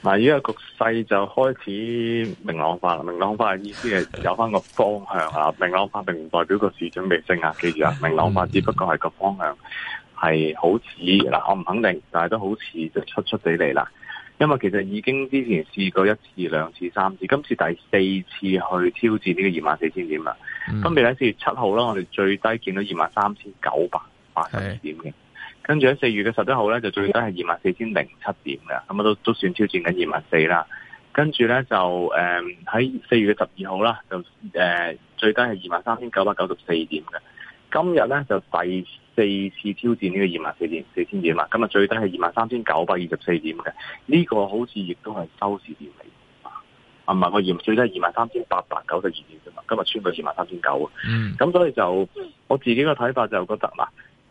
嗱，依家個局勢就開始明朗化，明朗化嘅意思係有翻個方向啊！明朗化並唔代表個市準備升啊，記住啊，明朗化只不過係個方向，係好似嗱，我唔肯定，但係都好似就出出地嚟啦。因為其實已經之前試過一次、兩次、三次，今次第四次去挑戰呢個二萬四千點啦。嗯、分別喺四月七號啦，我哋最低見到二萬三千九百八十點嘅。跟住喺四月嘅十一號咧，就最低係二萬四千零七點嘅，咁、嗯、啊都都算挑戰緊二萬四啦。跟住咧就誒喺四月嘅十二號啦，就誒、嗯呃、最低係二萬三千九百九十四點嘅。今日咧就第四次挑戰呢個二萬四千四千點、這個、點啊，今日最低係二萬三千九百二十四點嘅。呢個好似亦都係收市點嚟，啊唔係我最低二萬三千八百九十二點啫嘛，今日穿到二萬三千九。咁所以就我自己嘅睇法就覺得嗱。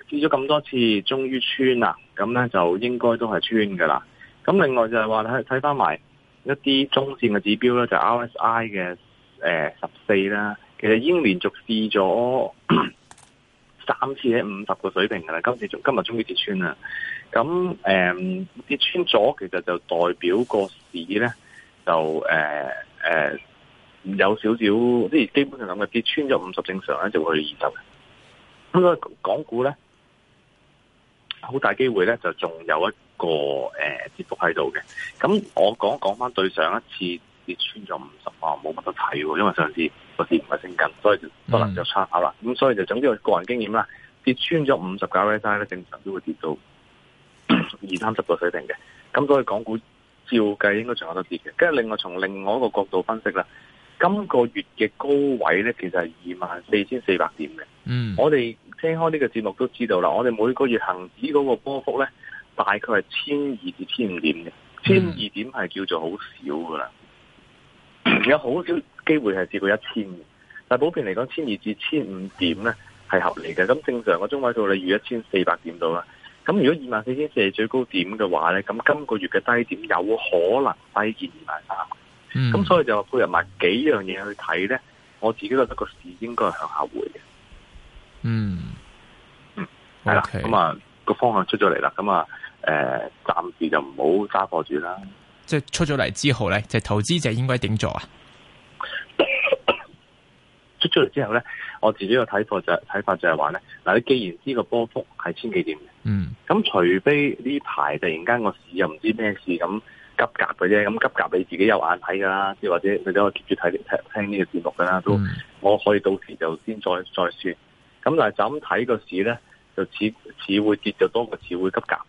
試咗咁多次，終於穿啦，咁咧就應該都係穿噶啦。咁另外就係話睇睇翻埋一啲中線嘅指標咧，就是、R S I 嘅誒十四啦。呃、14，其實已經連續試咗三次喺五十個水平噶啦，今次仲今日終於跌穿啦。咁誒、呃、跌穿咗，其實就代表個市咧就誒誒、呃呃、有少少，即係基本上咁嘅跌穿咗五十，正常咧就會去二十嘅。咁啊，港股咧？好大機會咧，就仲有一個誒、呃、跌幅喺度嘅。咁我講講返對上一次跌穿咗五十萬冇乜得睇，因為上次個市唔係升緊，所以可能就差下啦。咁所以就總之個個人經驗啦，跌穿咗五十個 percent 咧，正常都會跌到 二三十個水平嘅。咁所以港股照計應該仲有得跌嘅。跟住另外從另外一個角度分析啦，今個月嘅高位咧，其實係二萬四千四百點嘅。嗯，我哋。聽開呢個節目都知道啦，我哋每個月恒指嗰個波幅咧，大概係千二至千五點嘅，千二，嗯，點係叫做好少噶啦，有好少機會係跌到一千嘅。但係普遍嚟講，千二至千五點咧係合理嘅。咁正常個中位數你預一千四百點度啦。咁如果二萬四千四係最高點嘅話咧，咁今個月嘅低點有可能低二萬三。咁，嗯，所以就配合埋幾樣嘢去睇咧，我自己覺得個市應該係向下回嘅。嗯，嗯，係啦，嗯，咁啊個方向出咗嚟啦，咁啊，誒，暫時就唔好揸貨住啦。即係出咗嚟之後咧，即係投資者應該點做啊？出咗嚟之後咧，我自己個睇法就睇法就係話咧，嗱，你既然知個波幅係千幾點嘅，嗯，咁除非呢排突然間個市又唔知咩事咁急夾嘅啫，咁急夾你自己有眼睇噶啦，即係或者你都 keep 住睇聽呢個節目噶啦，都，我可以到時就先再再算。咁但係就咁睇個市咧，就似似會跌就多過似會急降。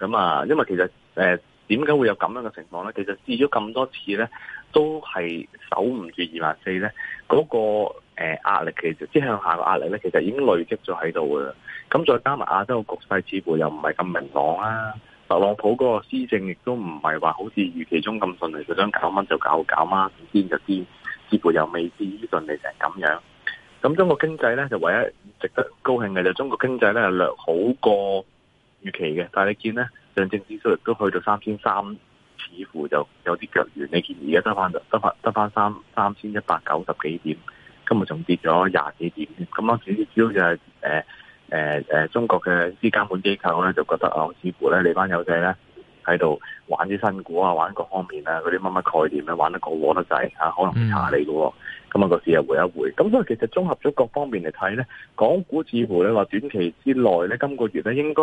咁啊，因為其實誒，點解會有咁樣嘅情況咧？其實試咗咁多次咧，都係守唔住二萬四咧。嗰個誒壓力其實即向下嘅壓力咧，其實已經累積咗喺度啦，咁再加埋亞洲嘅局勢似乎又唔係咁明朗啊。特朗普嗰個施政亦都唔係話好似預期中咁順利，就想搞乜就搞，搞乜癲就癲，似乎又未知呢樣順利成咁樣。咁中國經濟咧就唯一值得高興嘅就是，中國經濟咧係略好過預期嘅，但係你見咧上證指數亦都去到三千三，似乎就有啲腳軟。你見而家得翻得返翻得翻三三千一百九十幾點，今日仲跌咗廿幾點，咁啊主要主要就係誒誒誒，中國嘅資監管機構咧就覺得哦，似乎咧你班友仔咧。喺度玩啲新股啊，玩各方面啊，嗰啲乜乜概念啊，玩得過火得滯啊，可能唔差你嘅。咁啊，mm hmm. 個市又回一回。咁所以其實綜合咗各方面嚟睇咧，港股似乎你話短期之內咧，今個月咧應該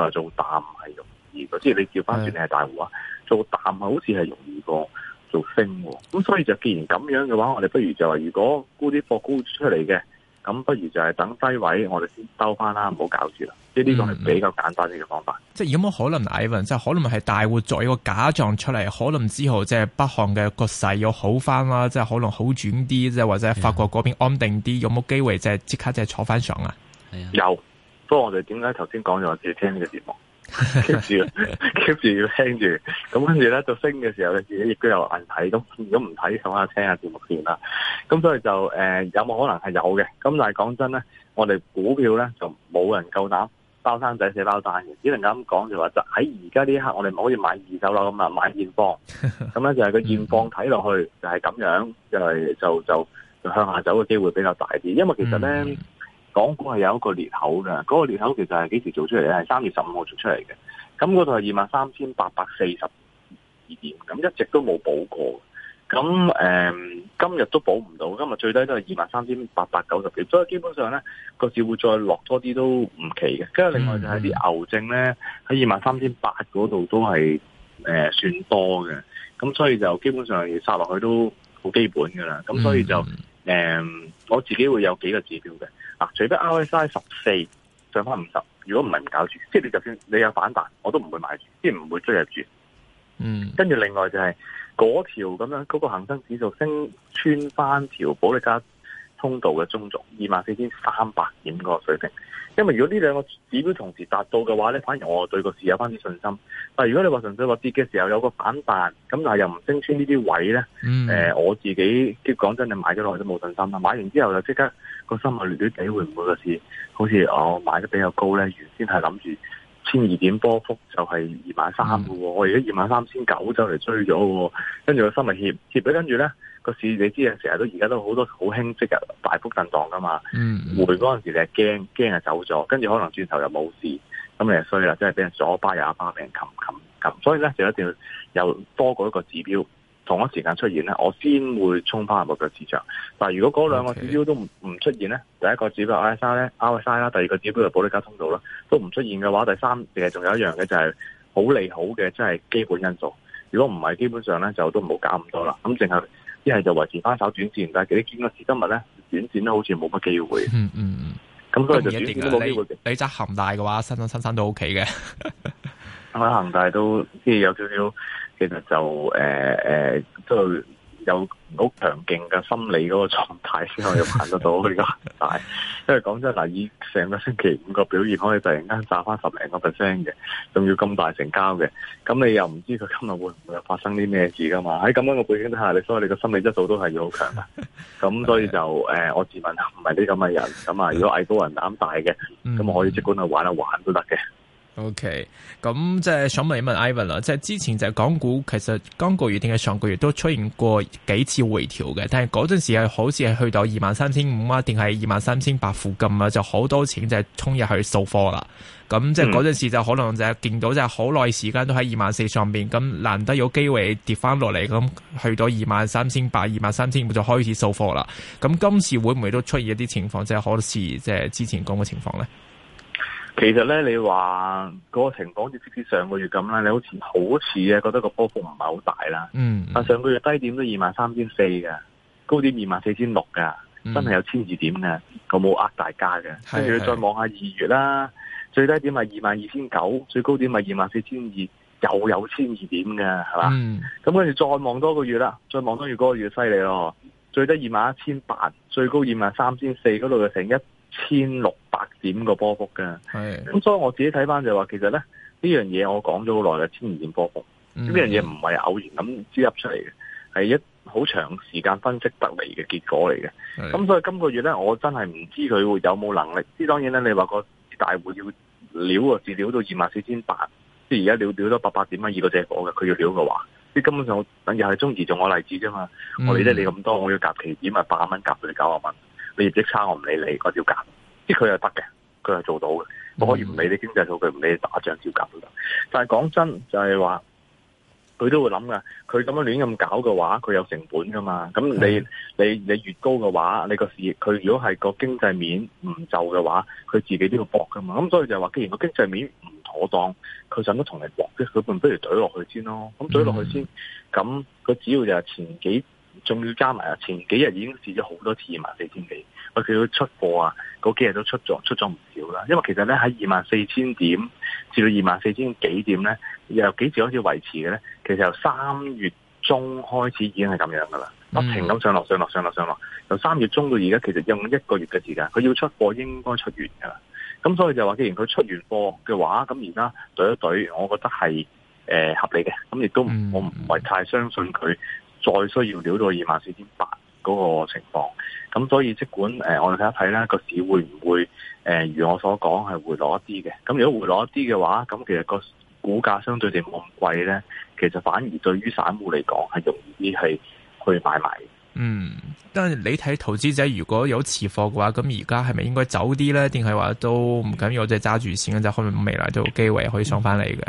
啊做淡係容易的，即係、mm hmm. 你調翻轉你係大戶啊，做淡係好似係容易過做升。咁所以就既然咁樣嘅話，我哋不如就話，如果沽啲貨沽出嚟嘅。咁不如就係等低位，我哋先兜翻啦，唔好搞住啦。即係呢個係比較簡單啲嘅方法。即係、嗯就是、有冇可能，Ivan，即係可能係大戶作一個假象出嚟？可能之後即係北韓嘅局勢又好翻啦，即、就、係、是、可能好轉啲，即係或者法國嗰邊安定啲，的有冇機會即係即刻即係坐翻上啊？的有，不過我哋點解頭先講咗話要聽呢個節目？ keep 住，keep 住要聽住，咁跟住咧就升嘅時候，你自己亦都有人睇，咁如果唔睇，響下聽下節目先啦。咁所以就誒、呃，有冇可能係有嘅？咁但係講真咧，我哋股票咧就冇人夠膽包生仔寫包單嘅，只能咁講就話就喺而家呢一刻，我哋可以買二手樓咁啊，買現貨。咁咧 就係個現貨睇落去就係咁樣，就係、是、就就就向下走嘅機會比較大啲，因為其實咧。 港股係有一個裂口嘅，嗰、那個裂口其實係幾時做出嚟？係三月十五號做出嚟嘅。咁嗰度係二萬三千八百四十二點，咁一直都冇補過。咁誒、呃，今日都補唔到，今日最低都係二萬三千八百九十幾。所以基本上咧，個市會再落多啲都唔奇嘅。跟住另外就係啲牛證咧，喺二萬三千八嗰度都係誒、呃、算多嘅。咁所以就基本上殺落去都好基本噶啦。咁所以就誒、呃，我自己會有幾個指標嘅。嗱，除非 RSI 十四上翻五十，如果唔係唔搞住，即係你就算你有反彈，我都唔會買住，即係唔會追入住。嗯，跟住另外就係嗰條咁樣嗰、嗰個恆生指數升穿翻條保歷加通道嘅中足二萬四千三百點嗰個水平，因為如果呢兩個指標同時達到嘅話咧，反而我對個市有翻啲信心。但如果你話純粹話跌嘅時候有個反彈，咁但又唔升穿呢啲位咧、嗯呃，我自己即係講真，你買咗落去都冇信心啦。買完之後就即刻個心啊亂咗底，會唔會個市好似我買得比較高咧？原先係諗住。千二點波幅就係二萬三嘅喎，嗯、我而家二萬三千九走嚟追咗喎，跟住個新聞協協俾跟住咧，個市你知啊，成日都而家都好多好輕即日大幅震蕩噶嘛，嗯，回嗰陣時你係驚驚啊走咗，跟住可能轉頭又冇事，咁你係衰啦，即係俾人左巴右巴，右巴右，俾人冚冚擒，所以咧就一定要有多過一個指標，同一時間出現咧，我先會衝翻入個市場。但係如果嗰兩個指標都唔唔出現咧，第一個指標就 RSI 咧，RSI 啦；第二個指標就保利加通道啦，都唔出現嘅話，第三，誒仲有一樣嘅就係好利好嘅，即係基本因素。如果唔係，基本上咧就都唔好搞咁多啦。咁淨係一係就維持翻手短線，但係幾堅啊！今日咧短線咧好似冇乜機會。嗯嗯，咁所以就短線冇機會。你你責任大嘅話，新新生都 O K 嘅。 我恒大都即係有少少，其實就誒誒，都、呃呃、有好強勁嘅心理嗰個狀態，先可以行得到呢個恒大。 因為講真嗱，以成個星期五個表現，可以突然間炸翻十零個 percent 嘅，仲要咁大成交嘅，咁你又唔知佢今日會唔會發生啲咩事噶嘛？喺、哎、咁樣嘅背景底下，你所以你個心理質素都係要好強嘅。咁所以就誒， 呃、我自問唔係啲咁嘅人。咁啊，如果藝高人膽大嘅，咁我可以即管去玩一玩都得嘅。O K，咁即係想問一問 Ivan 啦，即係之前就係港股，其實今個月定係上個月都出現過幾次回調嘅，但係嗰陣時係好似係去到二萬三千五啊，定係二萬三千八附近啊，就好多錢就係衝入去掃貨啦。咁即係嗰陣時就可能就係見到就係好耐時間都喺二萬四上邊，咁難得有機會跌翻落嚟，咁去到二萬三千八、二萬三千五就開始掃貨啦。咁今次會唔會都出現一啲情況，即係好似即係之前講嘅情況咧？其實咧，你話嗰個情況好似直至上個月咁啦，你好似好似啊，覺得個波幅唔係好大啦。嗯。啊，上個月低點都二萬三千四噶，高點二萬四千六噶，嗯、真係有千二點嘅，我冇呃大家嘅。跟住，是你再望下二月啦，最低點係二萬二千九，最高點咪二萬四千二，又有千二點嘅，係嘛？嗯。咁跟住再望多個月啦，再望多個月嗰個月犀利咯，最低二萬一千八，最高二萬三千四，嗰度就成一千六。點個波幅噶，咁的、嗯嗯、所以我自己睇翻就話，是，其實咧，呢樣嘢我講咗好耐啦，千二點波幅，呢樣嘢唔係偶然咁支入出嚟嘅，係一好長時間分析得嚟嘅結果嚟嘅。咁的、嗯嗯、所以今個月咧，我真係唔知佢會有冇能力。即係當然咧，你話個大戶要撩啊，自撩到二萬四千八，即係而家撩撩咗八百點蚊二個隻貨嘅，佢要撩嘅話，即係根本上我等住係中意做我例子啫嘛。我理得你咁多，我要夾期點啊八萬蚊夾佢九萬蚊，你業績差我唔理你，我照夾。佢係得嘅，佢係做到嘅，我可以唔理你經濟數據，唔理你打仗照架都得。但係講真就，就係話佢都會諗噶，佢咁樣亂咁搞嘅話，佢有成本噶嘛。咁你你你越高嘅話，你個事業，佢如果係個經濟面唔就嘅話，佢自己都要搏噶嘛。咁所以就係話，既然個經濟面唔妥當，佢想都同你搏啫，佢不如不如懟落去先咯。咁懟落去先，咁佢主要就係前幾仲要加埋，前幾日已經試咗好多次，萬四千幾。佢要出貨啊！嗰幾日都出咗，出咗唔少啦。因為其實咧喺二萬四千點至到二萬四千幾點咧，又幾時開始維持嘅咧，其實由三月中開始已經係咁樣噶啦，不停咁上落上落上落上落。由三月中到而家，其實用一個月嘅時間，佢要出貨應該出完噶啦。咁所以就話，既然佢出完貨嘅話，咁而家懟一懟，我覺得係誒、呃、合理嘅。咁亦都唔，我唔係太相信佢再需要料到二萬四千八。嗰個情況，咁所以即管誒、呃，我哋睇一睇咧，個市會唔會誒、呃？如我所講係回落一啲嘅。咁如果回落一啲嘅話，咁其實個股價相對地冇咁貴咧，其實反而對於散戶嚟講係容易啲，係去買賣。嗯，但係你睇投資者如果有持貨嘅話，咁而家係咪應該走啲咧？定係話都唔緊要，我即係揸住錢咧，就可能未來都有機會可以上翻嚟嘅。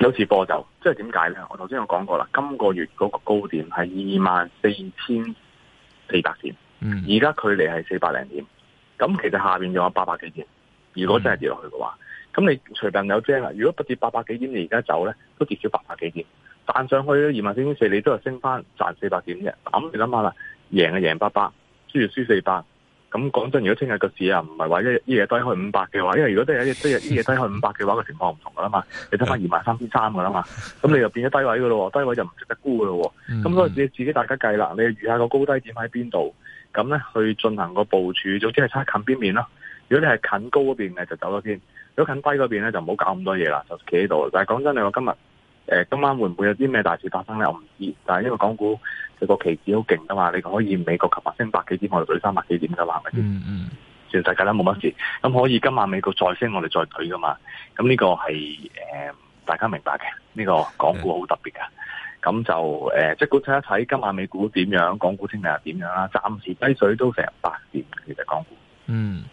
有持貨就，即係點解咧？我頭先有講過啦，今個月嗰個高點係二萬四千。四百點、嗯，而家距離係四百零點，咁其實下邊仲有八百幾點，如果真係跌落去嘅話，咁你隨便有精啦，如果不跌八百幾點，你而家走咧，都跌少八百幾點，彈上去二萬四點四，你都係升翻賺四百點啫，咁你諗下啦，贏就贏八百，輸輸四百。咁講真，如果聽日個市啊唔係話一日一日低去五百嘅話，因為如果都係一日一日低去五百嘅話，個情況唔同噶啦嘛，你得翻二萬三千三噶啦嘛，咁你就變咗低位噶咯，低位就唔值得沽噶咯，咁、mm hmm. 所以自己大家計啦，你預下個高低點喺邊度，咁咧去進行個部署，總之係差近邊面咯。如果你係近高嗰邊嘅就走咗先，如果近低嗰邊咧就唔好搞咁多嘢啦，就企喺度。但係講真，你話今日。誒，今晚會唔會有啲咩大事發生咧？我唔知，但係，因為港股佢個期指好勁噶嘛，你可以美國今日升百幾點，我哋懟三百幾點噶嘛，係咪先？嗯，全世界咧冇乜事。咁、嗯、可以今晚美國再升，我哋再懟噶嘛？咁呢個係誒、呃、大家明白嘅，呢、這個港股好特別嘅。咁、嗯、就誒、呃，即管睇一睇今晚美股點樣，港股升定係點樣啦？暫時低水都成百點，其實港股。嗯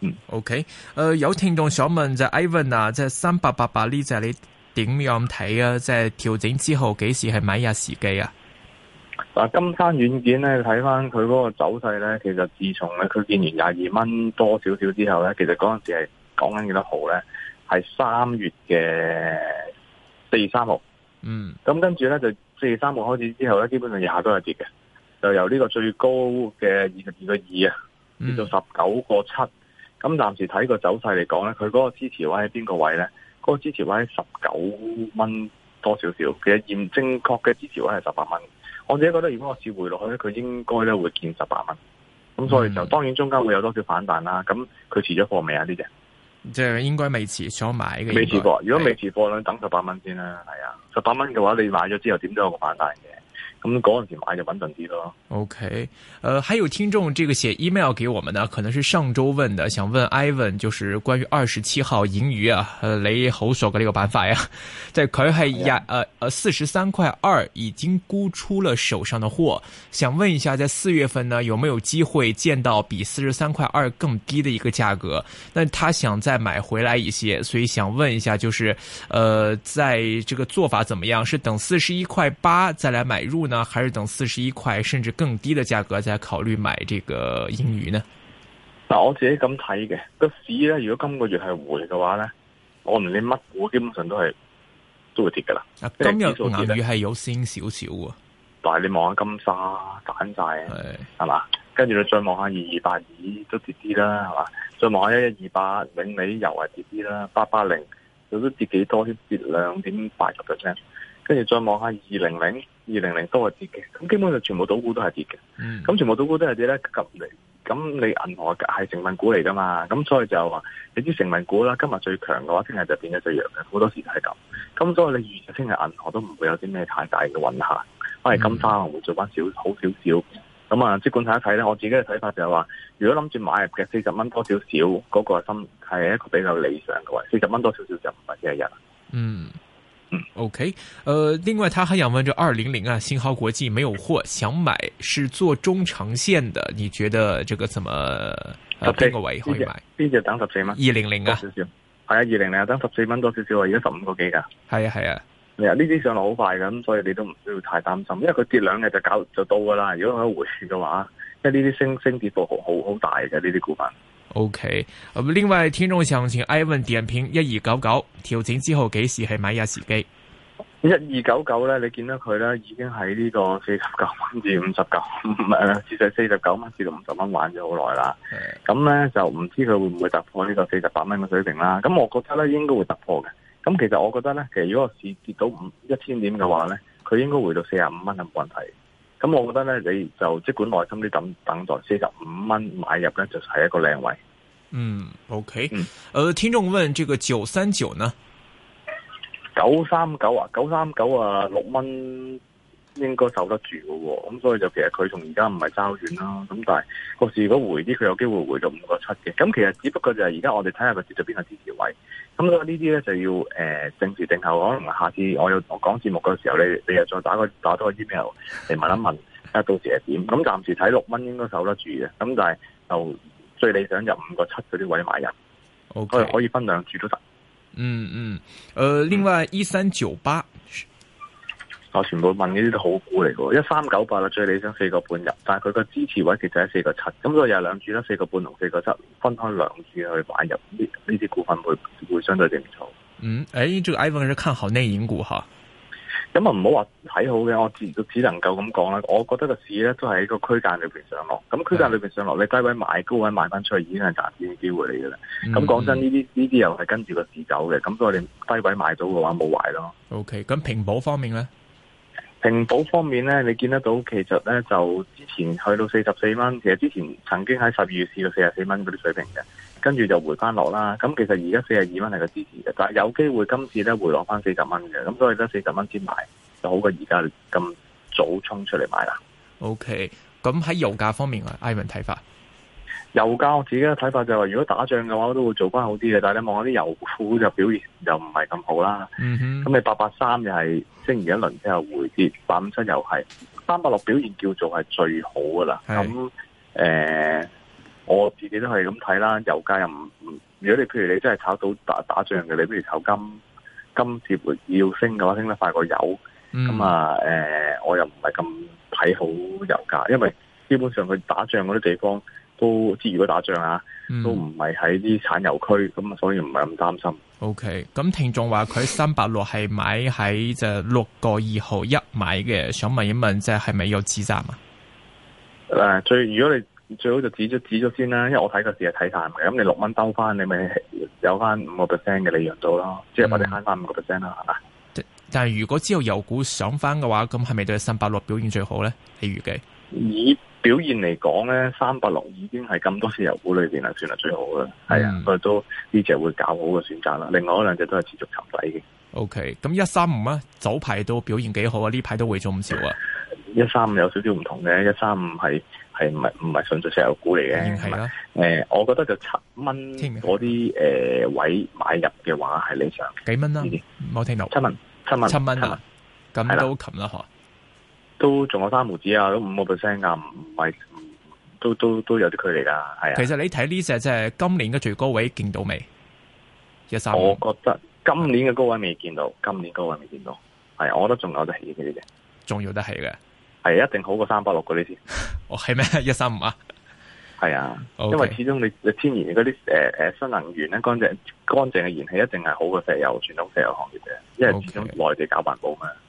嗯。O K，誒，有聽眾想問就 Ivan 啊，即係三八八八呢隻你。點樣睇啊？即係調整之後，幾時係買入時機啊？嗱，金山軟件咧，睇翻佢嗰個走勢咧，其實自從咧佢見完廿二蚊多少少之後咧，其實嗰陣時係講緊幾多號咧？係三月嘅四月三號，嗯，咁跟住咧就四月三號開始之後咧，基本上日日都係跌嘅，就由呢個最高嘅二十二個二啊，跌到十九個七，咁、嗯、暫時睇個走勢嚟講咧，佢嗰個支持位喺邊個位咧？嗰個支持位十九蚊多少少，其實驗正確嘅支持位係十八蚊。我自己覺得，如果我試回落去咧，佢應該咧會見十八蚊。咁所以就當然中間會有多少反彈啦。咁佢遲咗貨未啊？呢隻即係應該未遲想買嘅，未遲過。如果未遲貨，等十八蚊先啦。係啊，十八蚊嘅話，你買咗之後點都有個反彈嘅。咁嗰陣時買就穩陣啲咯。OK，呃，還有聽眾，這個寫 email 給我們呢，可能是上周問的，想問 Ivan，就是關於二十七號銀娛啊，呃，雷猴索個這個辦法呀，在佢係廿，呃呃四十三塊二已經沽出了手上的貨，想問一下，在四月份呢，有沒有機會見到比四十三塊二更低的一個價格？那他想再買回來一些，所以想問一下，就是，呃，在這個做法怎麼樣？是等四十一塊八再來買入呢？那還是等四十一塊甚至更低嘅價格再考慮買這個銀娛呢？嗱，我自己咁睇嘅，個市咧，如果今個月係回嘅話咧，我連啲乜股基本上都係都會跌噶啦、啊。今日做銀娛係有升少少啊，但係你望下金沙減晒，係嘛？跟住是你再望下二二八二都跌啲啦，係嘛？再望下一一二八永利又係跌啲啦，八八零有都跌幾多啲，跌兩點八個 percent。跟住再望下二零零二零零都係跌嘅，咁基本上全部倒股都係跌嘅。咁、mm. 全部倒股都係跌咧，咁你咁你銀行係成分股嚟噶嘛？咁所以就話你知成分股啦，今日最強嘅話，聽日就變咗最弱嘅，好多時都係咁。咁所以你預期聽日銀行都唔會有啲咩太大嘅嘅運行，反而金沙可能會做翻少好少少。咁啊，即管睇一睇咧，我自己嘅睇法就係、是、話，如果諗住買入嘅四十蚊多少少，嗰、那個心係一個比較理想嘅位，四十蚊多少少就唔係一日。嗯。Mm. O、okay, K，呃，另外他，他還想問，就二零零啊，星豪國際沒有貨，想買，是做中長線的，你覺得這個怎麼？十、呃、四個位可以買？邊隻等十四蚊？二零零啊？少少，係啊，二零零啊，等十四蚊多少少啊？而家十五個幾噶？係啊，係啊，係啊，呢啲上落好快嘅，咁所以你都唔需要太擔心，因為佢跌兩日就搞就到噶啦。如果佢一回血嘅話，因為呢啲升升跌幅好好好，好大嘅呢啲股份。O K，咁另外聽眾想請 Ivan 點評一二九九調整之後幾時係買入時機？一二九九咧，你見到佢咧已經喺呢個四十九蚊至五十九，誒，至少四十九蚊至到五十蚊玩咗好耐啦。咁咧就唔知佢會唔會突破呢個四十八蚊嘅水平啦。咁我覺得咧應該會突破嘅。咁其實我覺得咧，其實如果市跌到五一千點嘅話咧，佢應該回到四十五蚊係冇問題。咁我覺得咧，你就即管耐心啲等等待，四十五蚊買入咧就係一個靚位。嗯，OK，嗯，呃，聽眾問這個九三九呢？九三九啊，九三九啊，六蚊。應該守得住嘅，咁、嗯、所以就其實佢同而家唔係爭好遠啦。咁、嗯嗯、但係個市如果回啲，佢有機會回到五個七嘅。咁、嗯、其實只不過就係而家我哋睇下佢跌到邊個支持位。咁呢啲咧就要誒、呃、定時定候，可能下次我有我講節目嘅時候，你你又再打個打多個 email 嚟，問一問，睇下 到時係點。咁、嗯、暫、嗯、時睇六蚊應該守得住嘅。咁、嗯、但係就最理想入五個七嗰啲位買入，我哋 Okay. 可以分兩次都得、嗯。嗯嗯，誒、呃，另外一三九八。我全部問呢啲都好股嚟嘅，一三九八啦，最理想四個半入，但係佢個支持位其實就喺四個七，咁所以又係兩注啦，四個半同四個七分開兩注去買入，呢呢啲股份會會相對啲唔錯。嗯，誒、欸，朱、這個、Ivan 就看好內影股吓，咁啊唔好話睇好嘅，我只只能夠咁講啦。我覺得市個市咧都係喺個區間裏邊上落，咁區間裏邊上落，嗯、你低位買，高位賣翻出去已經係賺錢機會嚟嘅啦。咁講、嗯、真，呢啲呢啲又係跟住個市走嘅，咁所以你低位買到嘅話冇壞咯。OK，咁平保方面咧？平保方面咧，你見得到，其實咧就之前去到四十四蚊，其實之前曾經喺十二月試到四十四蚊嗰啲水平嘅，跟住就回翻落啦。咁其實而家四十二蚊係個支持嘅，但係有機會今次咧回落翻四十蚊嘅，咁所以得四十蚊先買，就好過而家咁早衝出嚟買啦。OK，咁喺油價方面，阿 Ivan 睇法。油價我自己嘅睇法就係，如果打仗嘅話，我都會做翻好啲嘅。但係你望下啲油股就表現又唔係咁好啦。咁、嗯、哼你八八三又係升完一輪之後回跌，八五七又係三百六表現叫做係最好噶啦。咁誒是、呃，我自己都係咁睇啦。油價又唔唔，如果你譬如你真係炒到打打仗嘅，你不如炒金，金回要升嘅話，升得快過油。咁啊、嗯，誒、呃，我又唔係咁睇好油價，因為基本上佢打仗嗰啲地方。都即如果打仗啊，都唔係喺啲產油區，咁、嗯、所以唔係咁擔心。O K，咁聽眾話佢三八六係買喺就六個二號一買嘅，想問一問即係係咪有止賺啊？誒、啊，最如果你最好就止咗止咗先啦、啊，因為我睇個市係睇淡嘅，咁你六蚊兜翻，你咪有翻五個 percent 嘅利潤度咯，即係我哋慳翻五個 percent 啦，係、啊、嘛、嗯啊？但係如果之後油股上翻嘅話，咁係咪對三八六表現最好咧？你預計？以表現嚟講咧，三百六已經係咁多石油股裏邊啊，算係最好嘅，係啊、嗯，不過呢隻會搞好嘅選擇啦。另外兩隻都係持續沉底嘅。O K，咁一三五啊，早排都表現幾好啊，呢排都會做唔少啊。一三五有少少唔同嘅，一三五係係唔係唔係純粹石油股嚟嘅，係啦、嗯啊。誒，我覺得就七蚊嗰啲誒位買入嘅話係理想，幾蚊啦、啊？冇聽到七蚊，七蚊，七蚊，咁、啊、都擒得吓。的都仲有三毫子啊，都五個 percent 啊，唔係，都都都有啲距離啦，係啊。其實你睇呢隻即係今年嘅最高位見到未？一三五，我覺得今年嘅高位未見到，今年嘅高位未見到，係、啊，我覺得仲有得起嘅嘅，仲要得起嘅，係、啊、一定好過三百六嗰啲先。哦 是嗎，係咩？一三五啊？係啊 Okay、呃呃，因為始終你你天然嗰啲誒誒，新能源咧乾淨乾淨嘅燃氣一定係好過石油傳統石油行業嘅，因為始終內地搞環保嘛。Okay